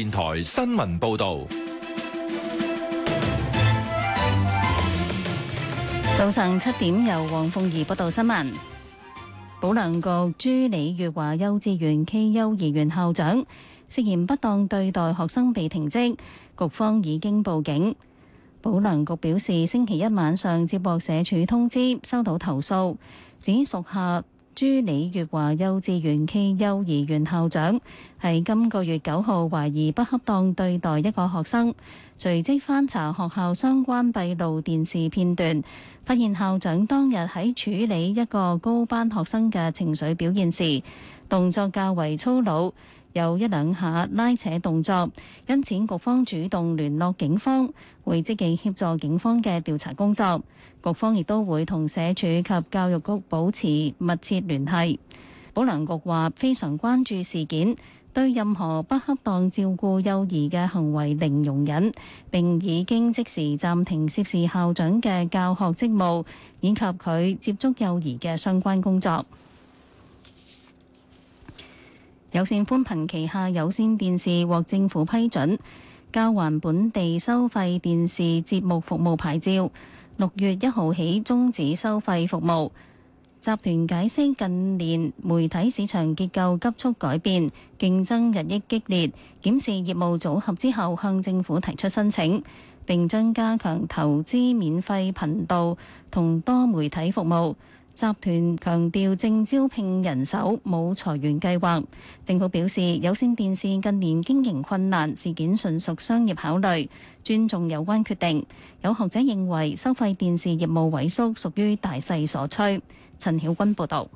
電台新聞報道，早上七點由黃鳳儀報道新聞。保良局朱李月華幼稚園 K 幼兒園校長涉嫌不當對待學生被停職，局方已經報警。保良局表示，星期一晚上接獲社署通知，收到投訴，指屬下，朱李月華幼稚園暨幼兒園校長喺今個月九號懷疑不恰當對待一個學生，隨即翻查學校相關閉路電視片段，發現校長當日喺處理一個高班學生嘅情緒表現時，動作較為粗魯。有一兩下拉扯動作，因此局方主動聯絡警方，會積極協助警方嘅調查工作。局方亦都會同社署及教育局保持密切聯繫。保良局話非常關注事件，對任何不恰當照顧幼兒嘅行為零容忍，並已經即時暫停涉事校長嘅教學職務，以及佢接觸幼兒嘅相關工作。有線寬頻旗下有線電視獲政府批准交還本地收費電視節目服務牌照，六月一號起終止收費服務。集團解釋近年媒體市場結構急速改變，競爭日益激烈，檢視業務組合之後向政府提出申請，並將加強投資免費頻道同多媒體服務。集團強調正招聘人手，冇裁員計劃。政府表示，有線電視近年經營困難，事件純屬商業考慮，尊重有關決定。有學者認為，收費電視業務萎縮屬於大勢所趨。陳曉君報導。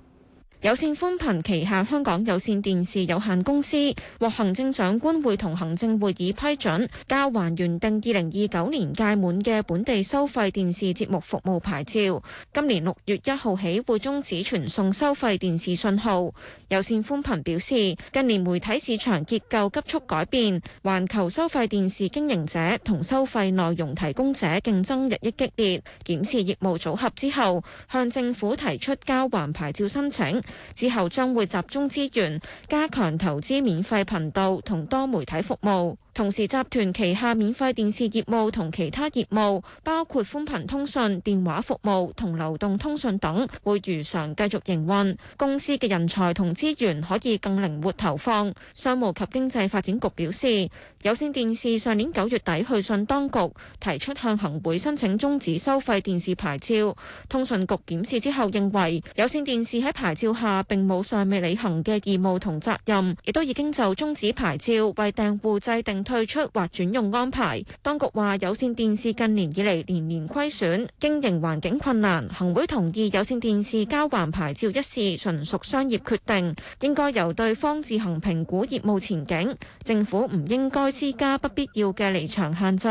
有線寬頻旗下香港有線電視有限公司獲行政長官會同行政會議批准交還原定二零二九年屆滿嘅本地收費電視節目服務牌照，今年六月一號起會終止傳送收費電視訊號。有線寬頻表示，近年媒體市場結構急速改變，環球收費電視經營者同收費內容提供者競爭日益激烈，檢視業務組合之後，向政府提出交還牌照申請。之後將會集中資源，加強投資免費頻道同多媒體服務。同時，集團旗下免費電視業務同其他業務，包括寬頻通訊、電話服務同流動通訊等，會如常繼續營運。公司嘅人才同資源可以更靈活投放。商務及經濟發展局表示。有線電視上年九月底去信當局，提出向行會申請終止，終止收費電視牌照。通訊局檢視之後認為，有線電視喺牌照下並冇尚未履行嘅義務同責任，亦都已經就終止牌照為訂戶制定退出或轉用安排。當局話，有線電視近年以嚟，年年虧損，經營環境困難。行會同意有線電視交還牌照一事純屬商業決定，應該由對方自行評估業務前景。政府唔應該。施加不必要嘅離場限制，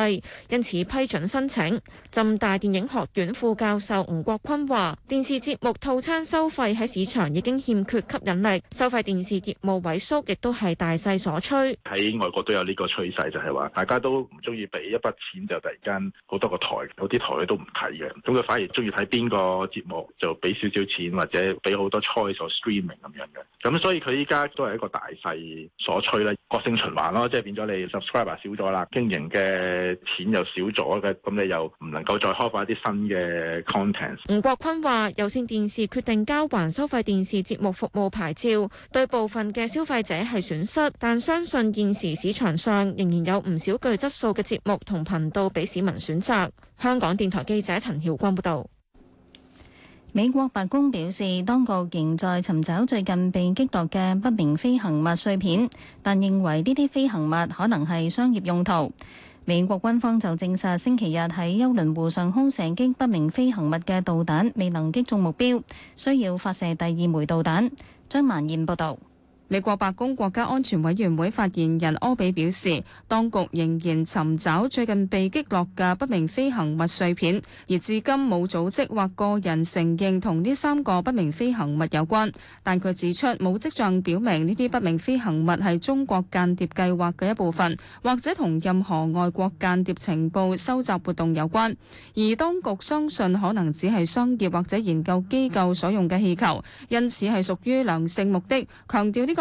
因此批准申請。浸大電影學院副教授吳國坤話，電視節目套餐收費喺市場已經欠缺吸引力，收費電視業務萎縮亦都係大勢所趨，喺外國都有呢個趨勢，就係話大家都唔中意俾一筆錢就突然間好多個台，有啲台都唔睇嘅，咁佢反而中意睇邊個節目就俾少少錢或者俾好多 choice or streaming 咁樣嘅。咁所以佢依家都係一個大勢所趨咧，惡性循環咯，即係變咗你。Subscriber 少咗啦，經營嘅錢又少咗嘅，咁你又唔能夠再開發一啲新嘅 content。吳國坤話：有線電視決定交還收費電視節目服務牌照，對部分嘅消費者係損失，但相信現時市場上仍然有唔少具質素嘅節目同頻道俾市民選擇。香港電台記者陳曉光報道。美國白宮表示，當局仍在尋找最近被擊落嘅不明飛行物碎片，但認為呢啲飛行物可能係商業用途。美國軍方就證實，星期日喺休倫湖上空射擊不明飛行物嘅導彈未能擊中目標，需要發射第二枚導彈。張曼燕報導。美國白宮國家安全委員會發言人柯比表示，當局仍然尋找最近被擊落嘅不明飛行物碎片，而至今冇組織或個人承認同這三個不明飛行物有關。但佢指出，冇跡象表明這些不明飛行物係中國間諜計劃嘅一部分，或者同任何外國間諜情報收集活動有關。而當局相信可能只係商業或者研究機構所用嘅氣球，因此係屬於良性目的，強調呢個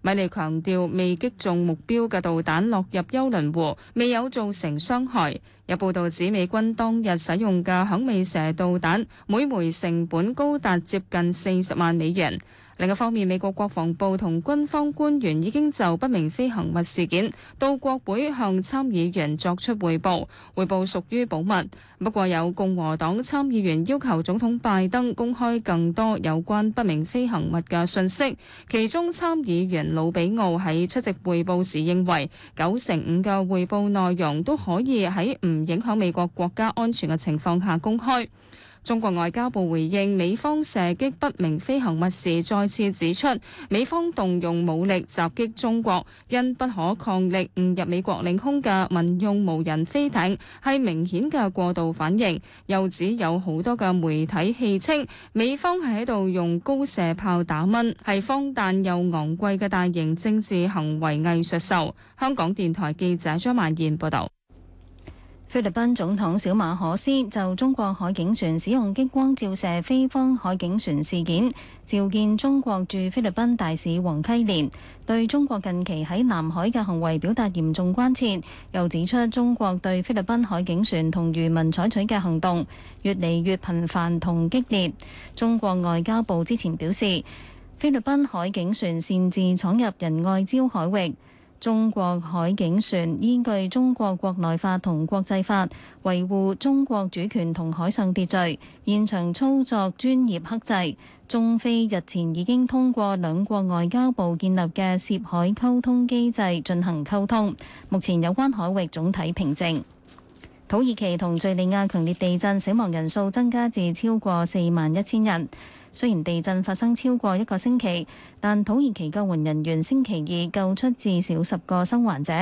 米利強調，未擊中目標嘅導彈落入休倫湖，未有造成傷害。有報道指，美軍當日使用嘅響尾蛇導彈，每枚成本高達接近四十萬美元。另一方面，美國國防部同軍方官員已經就不明飛行物事件到國會向參議員作出彙報，彙報屬於保密。不過，有共和黨參議員要求總統拜登公開更多有關不明飛行物嘅信息。其中，參議員魯比奧喺出席彙報時認為，九成五嘅彙報內容都可以喺唔影響美國國家安全嘅情況下公開。中國外交部回應美方射擊不明飛行物時，再次指出美方動用武力襲擊中國，因不可抗力誤入美國領空嘅民用無人飛艇，係明顯嘅過度反應。又指有好多嘅媒體戲稱美方係喺度用高射炮打蚊，係荒誕又昂貴嘅大型政治行為藝術秀。香港電台記者張曼燕報道。菲律賓總統小馬可斯就中國海警船使用激光照射菲方海警船事件，召見中國駐菲律賓大使黃溪連，對中國近期喺南海嘅行為表達嚴重關切，又指出中國對菲律賓海警船同漁民採取嘅行動越嚟越頻繁同激烈。中國外交部之前表示，菲律賓海警船擅自闖入仁愛礁海域。中國海警船依據中國國內法同國際法維護中國主權同海上秩序，現場操作專業克制。中非日前已經通過兩國外交部建立嘅涉海溝通機制進行溝通，目前有關海域總體平靜。土耳其同敘利亞強烈地震，死亡人數增加至超過四萬一千人。雖然地震發生超過一個星期，但土耳其救援人員星期二救出至少十個生還者。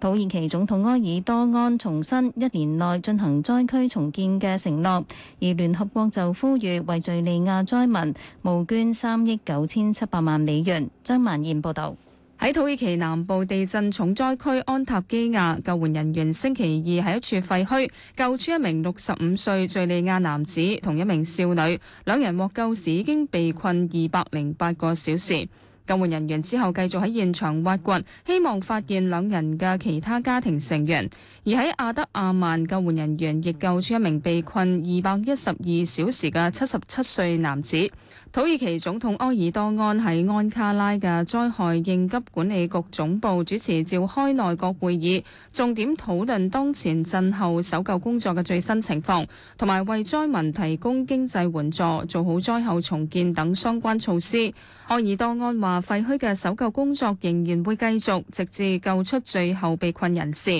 土耳其總統埃爾多安重申一年內進行災區重建嘅承諾，而聯合國就呼籲為敍利亞災民募捐三億九千七百萬美元。張萬燕報導。喺土耳其南部地震重災區安塔基亞，救援人員星期二喺一處廢墟救出一名六十五歲敍利亞男子同一名少女，兩人獲救時已經被困二百零八個小時。救援人員之後繼續喺現場挖掘，希望發現兩人嘅其他家庭成員。而喺阿德亞曼，救援人員亦救出一名被困二百一十二小時嘅七十七歲男子。土耳其總統埃爾多安喺安卡拉嘅災害應急管理局總部主持召開內閣會議，重點討論當前震後搜救工作嘅最新情況，同埋為災民提供經濟援助、做好災後重建等相關措施。埃爾多安話：廢墟嘅搜救工作仍然會繼續，直至救出最後被困人士。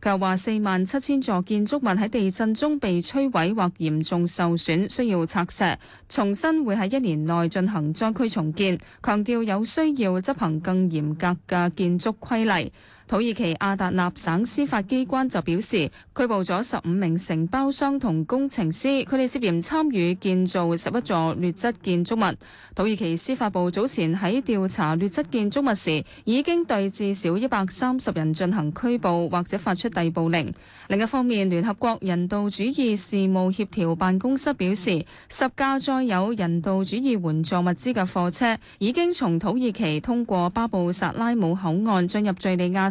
佢又話：四萬七千座建築物喺地震中被摧毀或嚴重受損，需要拆卸、重申會喺一年內進行災區重建。強調有需要執行更嚴格嘅建築規例。土耳其阿達納省司法機關就表示，拘捕咗十五名承包商同工程師，佢哋涉嫌參與建造十一座劣質建築物。土耳其司法部早前喺調查劣質建築物時，已經對至少一百三十人進行拘捕或者發出逮捕令。另一方面，聯合國人道主義事務協調辦公室表示，十架載有人道主義援助物資嘅貨車已經從土耳其通過巴布薩拉姆口岸進入敘利亞。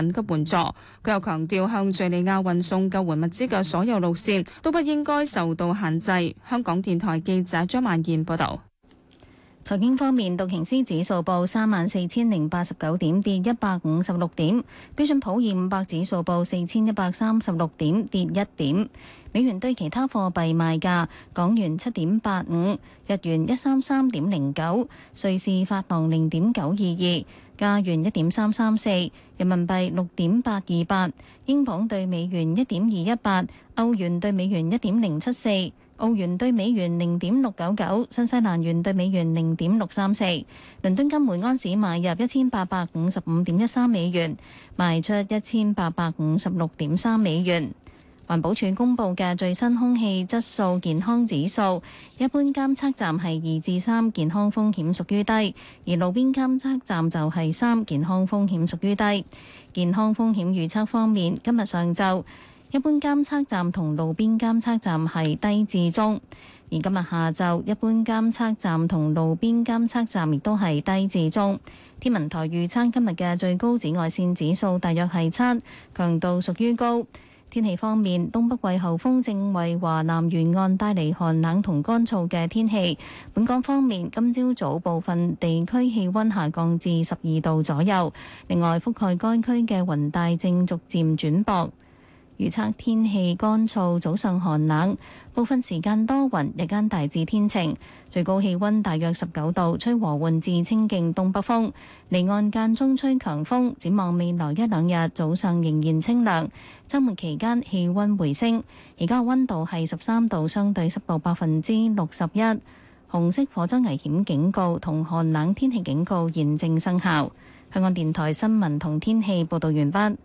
緊急援助。佢又強調，向敘利亞運送救援物資嘅所有路線都不應該受到限制。香港電台記者張曼燕報道。財經方面，道瓊斯指數報三萬四千零八十九點，跌一百五十六點。標準普爾五百指數報四千一百三十六點，跌一點。美元兌其他貨幣賣價：港元七點八五，日元一三三點零九，瑞士法郎零點九二二。加元一點三三四，4, 人民幣六點八二八，英鎊對美元一點二一八，歐元對美元一點零七四，澳元對美元零點六九九，新西蘭元對美元零點六三四。倫敦金每安士買入一千八百五十五點一三美元，賣出一千八百五十六點三美元。環保署公布嘅最新空氣質素健康指數，一般監測站係二至三，健康風險屬於低；而路邊監測站就係三，健康風險屬於低。健康風險預測方面，今日上晝一般監測站同路邊監測站係低至中，而今日下晝一般監測站同路邊監測站亦都係低至中。天文台預測今日嘅最高紫外線指數大約係七，強度屬於高。天氣方面，東北季候風正為華南沿岸帶嚟寒冷同乾燥嘅天氣。本港方面，今朝早，早部分地區氣溫下降至十二度左右，另外，覆蓋該區嘅雲帶正逐漸轉薄。預測天氣乾燥，早上寒冷，部分時間多雲，日間大致天晴，最高氣溫大約十九度，吹和緩至清勁東北風，離岸間中吹強風。展望未來一兩日早上仍然清涼，周末期間氣溫回升。而家溫度係十三度，相對濕度百分之六十一，紅色火災危險警告同寒冷天氣警告現正生效。香港電台新聞同天氣報道完畢。